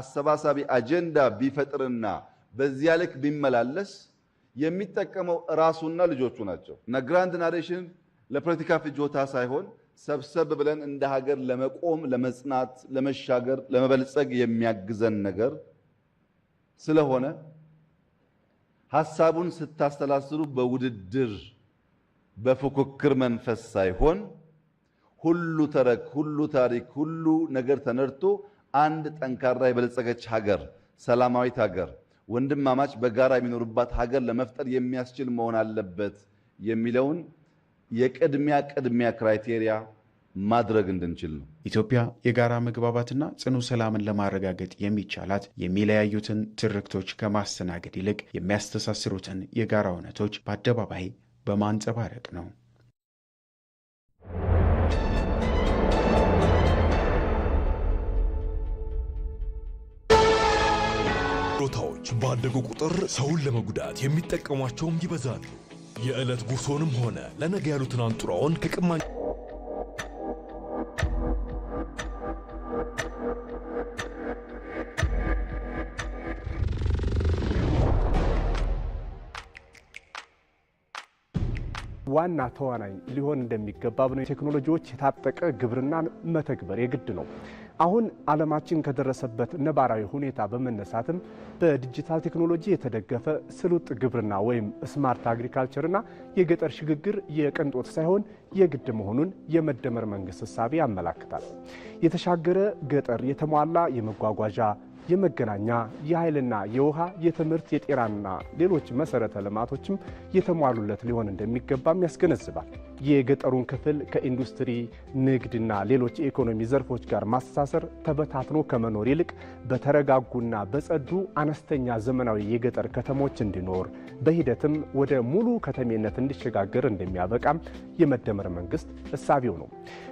አሰባሳቢ አጀንዳ ቢፈጥርና በዚያ ልክ ቢመላለስ የሚጠቀመው ራሱና ልጆቹ ናቸው እና ግራንድ ናሬሽን ለፖለቲካ ፍጆታ ሳይሆን ሰብሰብ ብለን እንደ ሀገር ለመቆም፣ ለመጽናት፣ ለመሻገር፣ ለመበልጸግ የሚያግዘን ነገር ስለሆነ ሀሳቡን ስታሰላስሉ በውድድር በፉክክር መንፈስ ሳይሆን ሁሉ ተረክ፣ ሁሉ ታሪክ፣ ሁሉ ነገር ተነድቶ አንድ ጠንካራ የበለጸገች ሀገር፣ ሰላማዊት ሀገር፣ ወንድማማች በጋራ የሚኖሩባት ሀገር ለመፍጠር የሚያስችል መሆን አለበት የሚለውን የቅድሚያ ቅድሚያ ክራይቴሪያ ማድረግ እንድንችል ነው። ኢትዮጵያ የጋራ መግባባትና ጽኑ ሰላምን ለማረጋገጥ የሚቻላት የሚለያዩትን ትርክቶች ከማስተናገድ ይልቅ የሚያስተሳስሩትን የጋራ እውነቶች በአደባባይ በማንጸባረቅ ነው። ችሎታዎች ባደጉ ቁጥር ሰውን ለመጉዳት የሚጠቀሟቸውም ይበዛሉ። የዕለት ጉርሶንም ሆነ ለነገ ያሉትን አንጡራውን ከቅማ ዋና ተዋናኝ ሊሆን እንደሚገባ ነው። ቴክኖሎጂዎች የታጠቀ ግብርናን መተግበር የግድ ነው። አሁን ዓለማችን ከደረሰበት ነባራዊ ሁኔታ በመነሳትም በዲጂታል ቴክኖሎጂ የተደገፈ ስሉጥ ግብርና ወይም ስማርት አግሪካልቸርና የገጠር ሽግግር የቅንጦት ሳይሆን የግድ መሆኑን የመደመር መንግስት እሳቤ ያመላክታል። የተሻገረ ገጠር የተሟላ የመጓጓዣ የመገናኛ፣ የኃይልና የውሃ፣ የትምህርት፣ የጤናና ሌሎች መሰረተ ልማቶችም የተሟሉለት ሊሆን እንደሚገባም ያስገነዝባል። የገጠሩን ክፍል ከኢንዱስትሪ ንግድና ሌሎች የኢኮኖሚ ዘርፎች ጋር ማስተሳሰር ተበታትኖ ከመኖር ይልቅ በተረጋጉና በጸዱ አነስተኛ ዘመናዊ የገጠር ከተሞች እንዲኖር በሂደትም ወደ ሙሉ ከተሜነት እንዲሸጋገር እንደሚያበቃም የመደመር መንግስት እሳቢው ነው።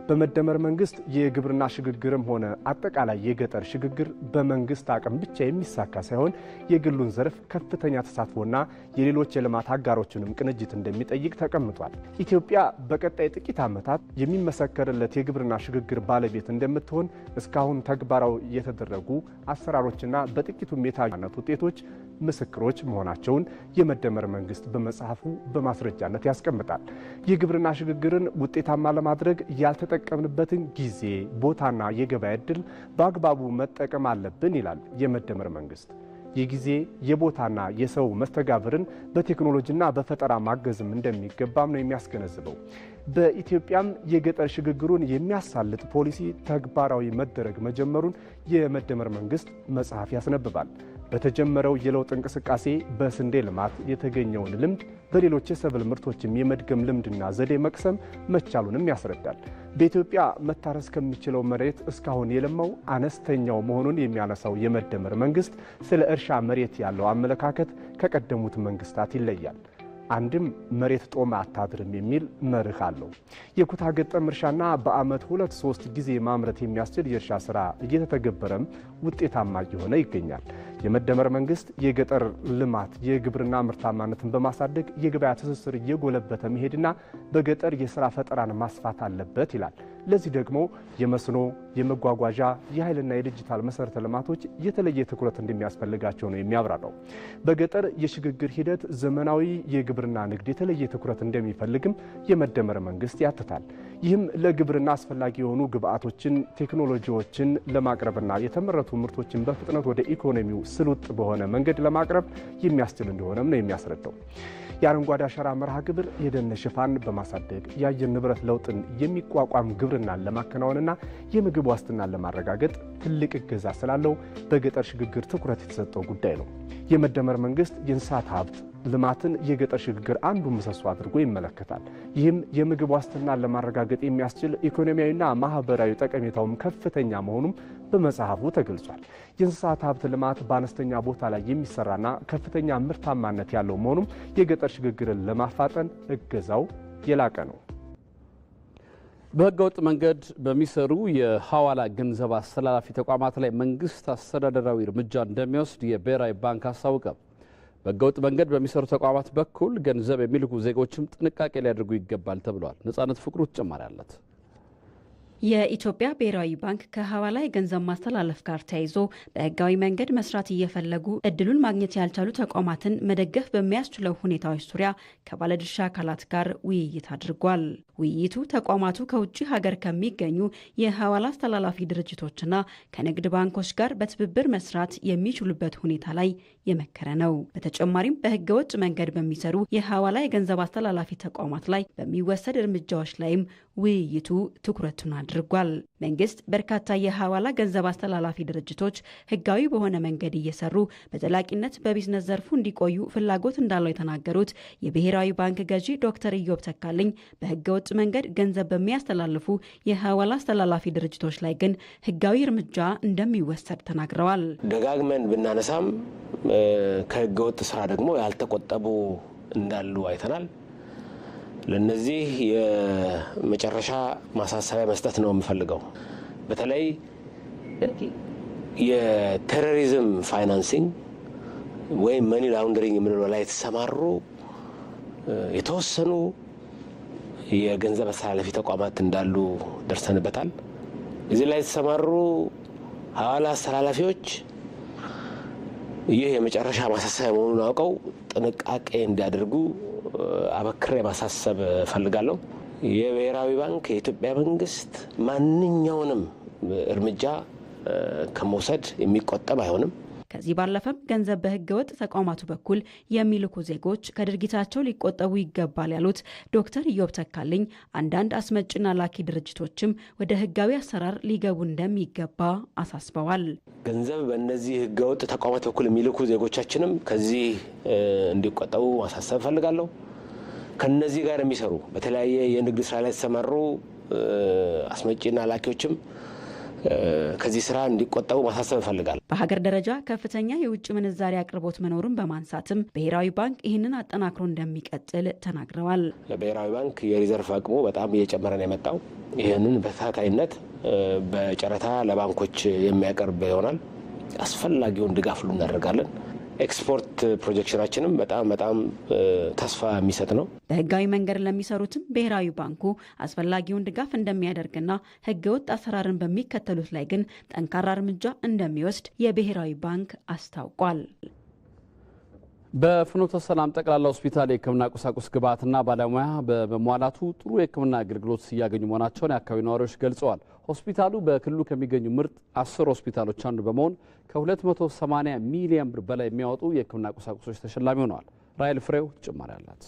በመደመር መንግስት የግብርና ሽግግርም ሆነ አጠቃላይ የገጠር ሽግግር በመንግስት አቅም ብቻ የሚሳካ ሳይሆን የግሉን ዘርፍ ከፍተኛ ተሳትፎና የሌሎች የልማት አጋሮችንም ቅንጅት እንደሚጠይቅ ተቀምጧል። ኢትዮጵያ በቀጣይ ጥቂት ዓመታት የሚመሰከርለት የግብርና ሽግግር ባለቤት እንደምትሆን እስካሁን ተግባራዊ የተደረጉ አሰራሮችና በጥቂቱም የታዩት ውጤቶች ምስክሮች መሆናቸውን የመደመር መንግስት በመጽሐፉ በማስረጃነት ያስቀምጣል። የግብርና ሽግግርን ውጤታማ ለማድረግ ያልተጠቀምንበትን ጊዜ፣ ቦታና የገበያ እድል በአግባቡ መጠቀም አለብን ይላል የመደመር መንግስት። የጊዜ የቦታና የሰው መስተጋብርን በቴክኖሎጂና በፈጠራ ማገዝም እንደሚገባም ነው የሚያስገነዝበው። በኢትዮጵያም የገጠር ሽግግሩን የሚያሳልጥ ፖሊሲ ተግባራዊ መደረግ መጀመሩን የመደመር መንግስት መጽሐፍ ያስነብባል። በተጀመረው የለውጥ እንቅስቃሴ በስንዴ ልማት የተገኘውን ልምድ በሌሎች የሰብል ምርቶችም የመድገም ልምድና ዘዴ መቅሰም መቻሉንም ያስረዳል። በኢትዮጵያ መታረስ ከሚችለው መሬት እስካሁን የለማው አነስተኛው መሆኑን የሚያነሳው የመደመር መንግስት ስለ እርሻ መሬት ያለው አመለካከት ከቀደሙት መንግስታት ይለያል። አንድም መሬት ጦም አታድርም የሚል መርህ አለው። የኩታ ገጠም እርሻና በአመት ሁለት ሶስት ጊዜ ማምረት የሚያስችል የእርሻ ስራ እየተተገበረም ውጤታማ እየሆነ ይገኛል። የመደመር መንግስት የገጠር ልማት የግብርና ምርታማነትን በማሳደግ የገበያ ትስስር እየጎለበተ መሄድና በገጠር የስራ ፈጠራን ማስፋት አለበት ይላል። ለዚህ ደግሞ የመስኖ የመጓጓዣ የኃይልና የዲጂታል መሰረተ ልማቶች የተለየ ትኩረት እንደሚያስፈልጋቸው ነው የሚያብራራው። በገጠር የሽግግር ሂደት ዘመናዊ የግብርና ንግድ የተለየ ትኩረት እንደሚፈልግም የመደመር መንግስት ያትታል። ይህም ለግብርና አስፈላጊ የሆኑ ግብዓቶችን፣ ቴክኖሎጂዎችን ለማቅረብና የተመረቱ ምርቶችን በፍጥነት ወደ ኢኮኖሚው ስልውጥ በሆነ መንገድ ለማቅረብ የሚያስችል እንደሆነም ነው የሚያስረዳው። የአረንጓዴ አሻራ መርሃ ግብር የደን ሽፋን በማሳደግ የአየር ንብረት ለውጥን የሚቋቋም ግብርናን ለማከናወንና የምግብ ዋስትናን ለማረጋገጥ ትልቅ እገዛ ስላለው በገጠር ሽግግር ትኩረት የተሰጠው ጉዳይ ነው። የመደመር መንግስት የእንስሳት ሀብት ልማትን የገጠር ሽግግር አንዱ ምሰሶ አድርጎ ይመለከታል። ይህም የምግብ ዋስትናን ለማረጋገጥ የሚያስችል ኢኮኖሚያዊና ማህበራዊ ጠቀሜታውም ከፍተኛ መሆኑም በመጽሐፉ ተገልጿል። የእንስሳት ሀብት ልማት በአነስተኛ ቦታ ላይ የሚሰራና ከፍተኛ ምርታማነት ያለው መሆኑም የገጠር ሽግግርን ለማፋጠን እገዛው የላቀ ነው። በህገወጥ መንገድ በሚሰሩ የሐዋላ ገንዘብ አስተላላፊ ተቋማት ላይ መንግስት አስተዳደራዊ እርምጃ እንደሚወስድ የብሔራዊ ባንክ አስታውቀም። በህገወጥ መንገድ በሚሰሩ ተቋማት በኩል ገንዘብ የሚልኩ ዜጎችም ጥንቃቄ ሊያደርጉ ይገባል ተብሏል። ነጻነት ፍቅሩ ተጨማሪ አላት። የኢትዮጵያ ብሔራዊ ባንክ ከሀዋላ የገንዘብ ማስተላለፍ ጋር ተያይዞ በህጋዊ መንገድ መስራት እየፈለጉ እድሉን ማግኘት ያልቻሉ ተቋማትን መደገፍ በሚያስችለው ሁኔታዎች ዙሪያ ከባለድርሻ አካላት ጋር ውይይት አድርጓል። ውይይቱ ተቋማቱ ከውጭ ሀገር ከሚገኙ የሀዋላ አስተላላፊ ድርጅቶችና ከንግድ ባንኮች ጋር በትብብር መስራት የሚችሉበት ሁኔታ ላይ የመከረ ነው። በተጨማሪም በህገ ወጥ መንገድ በሚሰሩ የሐዋላ የገንዘብ አስተላላፊ ተቋማት ላይ በሚወሰድ እርምጃዎች ላይም ውይይቱ ትኩረቱን አድርጓል። መንግስት በርካታ የሐዋላ ገንዘብ አስተላላፊ ድርጅቶች ህጋዊ በሆነ መንገድ እየሰሩ በዘላቂነት በቢዝነስ ዘርፉ እንዲቆዩ ፍላጎት እንዳለው የተናገሩት የብሔራዊ ባንክ ገዢ ዶክተር ኢዮብ ተካልኝ በህገወጥ መንገድ ገንዘብ በሚያስተላልፉ የሐዋላ አስተላላፊ ድርጅቶች ላይ ግን ህጋዊ እርምጃ እንደሚወሰድ ተናግረዋል። ደጋግመን ብናነሳም ከህገወጥ ስራ ደግሞ ያልተቆጠቡ እንዳሉ አይተናል። ለነዚህ የመጨረሻ ማሳሰቢያ መስጠት ነው የምፈልገው። በተለይ የቴሮሪዝም ፋይናንሲንግ ወይም መኒ ላውንደሪንግ የምንለው ላይ የተሰማሩ የተወሰኑ የገንዘብ አስተላላፊ ተቋማት እንዳሉ ደርሰንበታል። እዚህ ላይ የተሰማሩ ሀዋላ አስተላላፊዎች ይህ የመጨረሻ ማሳሰቢያ መሆኑን አውቀው ጥንቃቄ እንዲያደርጉ አበክሬ ማሳሰብ እፈልጋለሁ። የብሔራዊ ባንክ የኢትዮጵያ መንግስት ማንኛውንም እርምጃ ከመውሰድ የሚቆጠብ አይሆንም። ከዚህ ባለፈም ገንዘብ በህገ ወጥ ተቋማቱ በኩል የሚልኩ ዜጎች ከድርጊታቸው ሊቆጠቡ ይገባል ያሉት ዶክተር ኢዮብ ተካልኝ አንዳንድ አስመጭና ላኪ ድርጅቶችም ወደ ህጋዊ አሰራር ሊገቡ እንደሚገባ አሳስበዋል። ገንዘብ በእነዚህ ህገወጥ ተቋማት በኩል የሚልኩ ዜጎቻችንም ከዚህ እንዲቆጠቡ ማሳሰብ እፈልጋለሁ። ከነዚህ ጋር የሚሰሩ በተለያየ የንግድ ስራ ላይ የተሰማሩ አስመጪና ላኪዎችም ከዚህ ስራ እንዲቆጠቡ ማሳሰብ እፈልጋለሁ። በሀገር ደረጃ ከፍተኛ የውጭ ምንዛሪ አቅርቦት መኖሩን በማንሳትም ብሔራዊ ባንክ ይህንን አጠናክሮ እንደሚቀጥል ተናግረዋል። ለብሔራዊ ባንክ የሪዘርቭ አቅሙ በጣም እየጨመረ ነው የመጣው። ይህንን በተከታታይነት በጨረታ ለባንኮች የሚያቀርብ ይሆናል። አስፈላጊውን ድጋፍ ሉ እናደርጋለን። ኤክስፖርት ፕሮጀክሽናችንም በጣም በጣም ተስፋ የሚሰጥ ነው። በህጋዊ መንገድ ለሚሰሩትም ብሔራዊ ባንኩ አስፈላጊውን ድጋፍ እንደሚያደርግና ህገወጥ አሰራርን በሚከተሉት ላይ ግን ጠንካራ እርምጃ እንደሚወስድ የብሔራዊ ባንክ አስታውቋል። በፍኖተ ሰላም ጠቅላላ ሆስፒታል የሕክምና ቁሳቁስ ግብዓትና ባለሙያ በመሟላቱ ጥሩ የሕክምና አገልግሎት እያገኙ መሆናቸውን የአካባቢ ነዋሪዎች ገልጸዋል። ሆስፒታሉ በክልሉ ከሚገኙ ምርጥ አስር ሆስፒታሎች አንዱ በመሆን ከ280 ሚሊዮን ብር በላይ የሚያወጡ የሕክምና ቁሳቁሶች ተሸላሚ ሆነዋል። ራይል ፍሬው ጭማሪ አላት።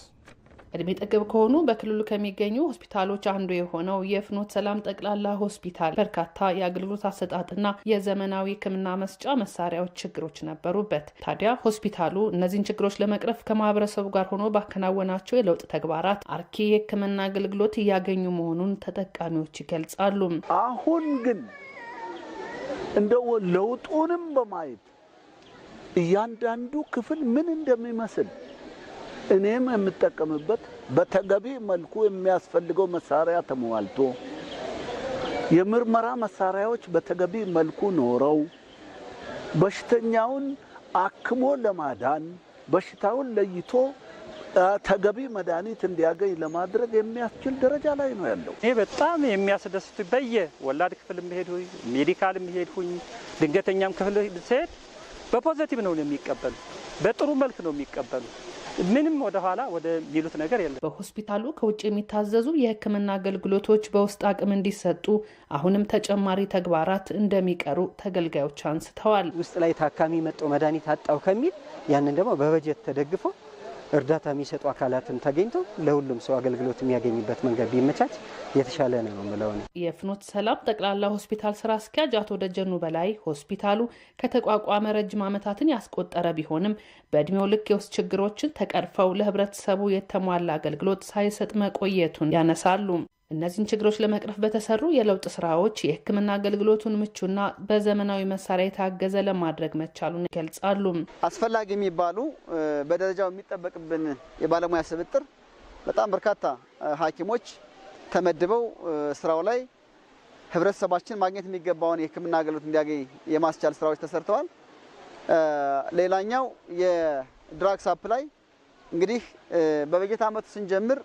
እድሜ ጠገብ ከሆኑ በክልሉ ከሚገኙ ሆስፒታሎች አንዱ የሆነው የፍኖት ሰላም ጠቅላላ ሆስፒታል በርካታ የአገልግሎት አሰጣጥና የዘመናዊ ሕክምና መስጫ መሳሪያዎች ችግሮች ነበሩበት። ታዲያ ሆስፒታሉ እነዚህን ችግሮች ለመቅረፍ ከማህበረሰቡ ጋር ሆኖ ባከናወናቸው የለውጥ ተግባራት አርኪ የሕክምና አገልግሎት እያገኙ መሆኑን ተጠቃሚዎች ይገልጻሉ። አሁን ግን እንደው ለውጡንም በማየት እያንዳንዱ ክፍል ምን እንደሚመስል እኔም የምጠቀምበት በተገቢ መልኩ የሚያስፈልገው መሳሪያ ተሟልቶ የምርመራ መሳሪያዎች በተገቢ መልኩ ኖረው በሽተኛውን አክሞ ለማዳን በሽታውን ለይቶ ተገቢ መድኃኒት እንዲያገኝ ለማድረግ የሚያስችል ደረጃ ላይ ነው ያለው። ይህ በጣም የሚያስደስት በየ ወላድ ክፍል ሄድ ሜዲካል ሄድ ሁኝ ድንገተኛም ክፍል ስሄድ በፖዘቲቭ ነው የሚቀበሉ፣ በጥሩ መልክ ነው የሚቀበሉ። ምንም ወደኋላ ወደ ሚሉት ነገር የለም። በሆስፒታሉ ከውጭ የሚታዘዙ የሕክምና አገልግሎቶች በውስጥ አቅም እንዲሰጡ አሁንም ተጨማሪ ተግባራት እንደሚቀሩ ተገልጋዮች አንስተዋል። ውስጥ ላይ ታካሚ መጦ መድኃኒት አጣው ከሚል ያንን ደግሞ በበጀት ተደግፎ እርዳታ የሚሰጡ አካላትን ተገኝተው ለሁሉም ሰው አገልግሎት የሚያገኝበት መንገድ ቢመቻች የተሻለ ነው የምለው ነው። የፍኖት ሰላም ጠቅላላ ሆስፒታል ስራ አስኪያጅ አቶ ደጀኑ በላይ ሆስፒታሉ ከተቋቋመ ረጅም ዓመታትን ያስቆጠረ ቢሆንም በእድሜው ልክ የውስጥ ችግሮችን ተቀርፈው ለህብረተሰቡ የተሟላ አገልግሎት ሳይሰጥ መቆየቱን ያነሳሉ። እነዚህን ችግሮች ለመቅረፍ በተሰሩ የለውጥ ስራዎች የሕክምና አገልግሎቱን ምቹና በዘመናዊ መሳሪያ የታገዘ ለማድረግ መቻሉን ይገልጻሉ። አስፈላጊ የሚባሉ በደረጃው የሚጠበቅብን የባለሙያ ስብጥር በጣም በርካታ ሐኪሞች ተመድበው ስራው ላይ ህብረተሰባችን ማግኘት የሚገባውን የሕክምና አገልግሎት እንዲያገኝ የማስቻል ስራዎች ተሰርተዋል። ሌላኛው የድራግ ሳፕላይ እንግዲህ በበጀት ዓመቱ ስንጀምር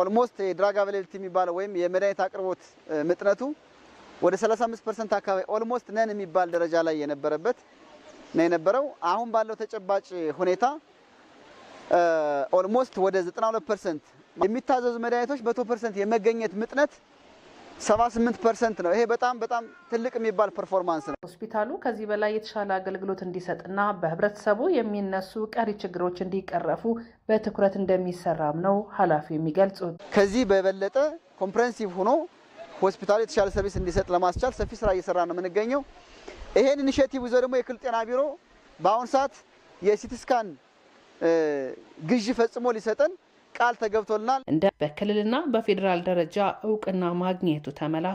ኦልሞስት የድራግ አቬሌብሊቲ የሚባለው ወይም የመድኃኒት አቅርቦት ምጥነቱ ወደ 35 ፐርሰንት አካባቢ ኦልሞስት ነን የሚባል ደረጃ ላይ የነበረበት ነው የነበረው። አሁን ባለው ተጨባጭ ሁኔታ ኦልሞስት ወደ 92 ፐርሰንት የሚታዘዙ መድኃኒቶች በመቶ ፐርሰንት የመገኘት ምጥነት 78 ፐርሰንት ነው። ይሄ በጣም በጣም ትልቅ የሚባል ፐርፎርማንስ ነው። ሆስፒታሉ ከዚህ በላይ የተሻለ አገልግሎት እንዲሰጥና በህብረተሰቡ የሚነሱ ቀሪ ችግሮች እንዲቀረፉ በትኩረት እንደሚሰራም ነው ኃላፊው የሚገልጹት። ከዚህ በበለጠ ኮምፕሬንሲቭ ሆኖ ሆስፒታሉ የተሻለ ሰርቪስ እንዲሰጥ ለማስቻል ሰፊ ስራ እየሰራ ነው የምንገኘው። ይሄን ኢኒሽቲቭ ይዞ ደግሞ የክልል ጤና ቢሮ በአሁኑ ሰዓት የሲቲስካን ግዢ ፈጽሞ ሊሰጠን ቃል ተገብቶልናል። እንደ በክልልና በፌዴራል ደረጃ እውቅና ማግኘቱ ተመላ